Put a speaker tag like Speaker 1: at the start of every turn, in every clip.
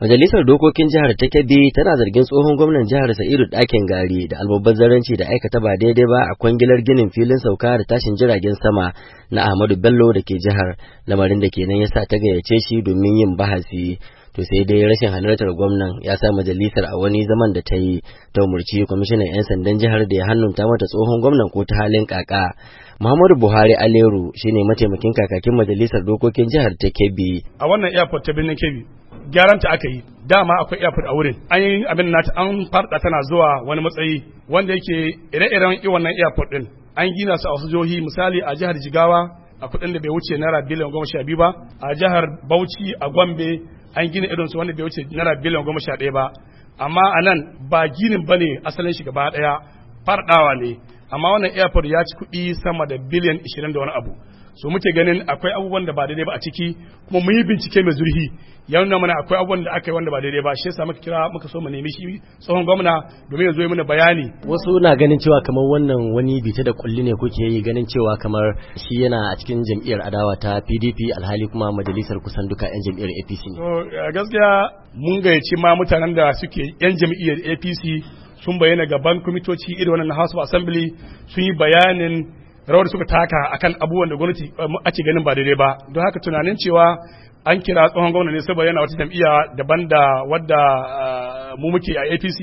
Speaker 1: Majalisar Dokokin Jihar ta Kebbi tana zargin tsohon gwamnan jihar Sa'idu Dakin Gari da almubazzaranci da aikata ba daidai ba a kwangilar ginin filin sauka da tashin jiragen sama na Ahmadu Bello da ke jihar, lamarin da kenan ya sa ta gayyace shi domin yin bahasi. To sai dai rashin halartar gwamnan ya sa majalisar a wani zaman da ta yi ta umurci kwamishinan 'yan sandan jihar da ya hannunta mata tsohon gwamnan ko ta halin kaka. Muhammadu Buhari Aleru shine mataimakin kakakin majalisar dokokin jihar ta Kebbi.
Speaker 2: A wannan airport ta birnin Kebbi gyaran ta aka yi dama akwai airport a wurin an yi abin nata an farda tana zuwa wani matsayi wanda yake ire-iren wannan airport din an gina su a wasu jihohi misali a jihar jigawa a kuɗin da bai wuce naira biliyan goma sha biyu ba a jihar bauchi a gombe an gina irin su wanda bai wuce naira biliyan goma sha ɗaya ba amma a nan ba ginin ba ne asalin shi gaba ɗaya farɗawa ne amma wannan airport ya ci kuɗi sama da biliyan 20 da wani abu so muke ganin akwai abubuwan da ba daidai ba a ciki kuma mun yi bincike mai zurhi ya nuna mana akwai abubuwan da aka yi wanda ba daidai ba shi yasa muka kira muka so mu nemi shi tsohon gwamna domin ya zo yi mana bayani
Speaker 1: wasu na ganin cewa kamar wannan wani bita da kulli ne kuke yi ganin cewa kamar shi yana a cikin jam'iyyar adawa ta PDP alhali kuma majalisar kusan duka yan jam'iyyar APC ne
Speaker 2: eh, gaskiya mun gayyaci ma mutanen da suke yan jam'iyyar APC sun bayyana gaban kwamitoci irin wannan House of Assembly sun yi bayanin rawar suka taka akan abubuwan da gwamnati eh, ake ganin ba daidai ba don haka tunanin cewa an kira tsohon gwamna ne saboda yana wata jam'iyya daban da wadda eh, mu muke a APC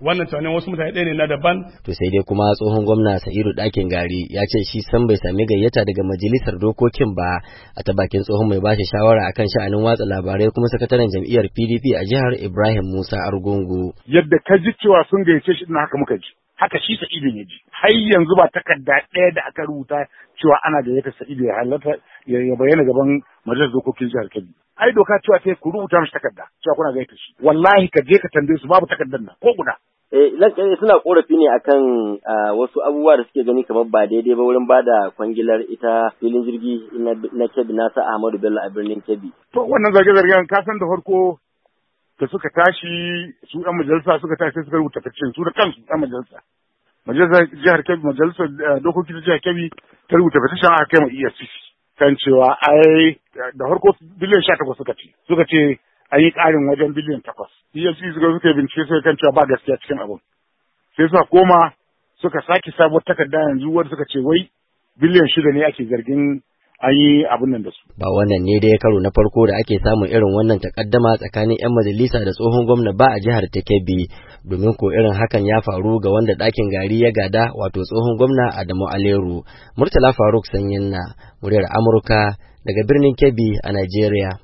Speaker 2: wannan tunanin wasu mutane ɗaya ne na daban.
Speaker 1: To sai dai kuma tsohon gwamna Sa'idu Ɗakin Gari ya ce shi san bai sami gayyata daga majalisar dokokin ba a ta bakin tsohon mai bashi shawara akan sha'anin watsa labarai kuma sakataren jam'iyyar PDP a jihar Ibrahim Musa Argungu.
Speaker 3: Yadda ka ji cewa sun gayyace shi haka muka ji. Haka shi Sa'idu ya ji. Har yanzu ba takarda ɗaya da aka rubuta cewa ana da yadda Sa'idu ya halarta ya bayyana gaban majalisar dokokin jihar Kebbi. Ai doka cewa sai ku rubuta mashi takarda cewa kuna gaita shi. Wallahi ka je ka tambaye su babu takardar nan ko guda.
Speaker 1: Eh, eh, suna korafi ne akan ah, wasu abubuwa da suke gani kamar ba daidai ba wurin bada kwangilar ita filin jirgi na kebbi na sa ahmadu bello a birnin kebbi
Speaker 3: to wannan zarge-zargen ka san da farko da suka tashi su ɗan majalisa suka tashi suka rubuta fice su da kansu ɗan majalisa majalisar jihar kebbi majalisar eh, dokokin jihar kebbi ta rubuta fitishan aka kai ma efcc kan cewa ai da farko biliyan sha takwas suka ce suka ce an yi ƙarin wajen biliyan takwas. EFCC suka suka bincike suka kan cewa ba gaskiya cikin abin. Sai suka koma suka sake sabuwar takarda yanzu wanda suka ce wai biliyan shida ne ake zargin an yi abin nan da su.
Speaker 1: Ba wannan ne dai karo na farko da ake samun irin wannan takaddama tsakanin 'yan majalisa da tsohon gwamna ba a jihar ta Kebbi domin ko irin hakan ya faru ga wanda ɗakin gari ya gada wato tsohon gwamna Adamu Aliru. Murtala Faruk Sanyin na muryar Amurka daga birnin Kebbi a Najeriya.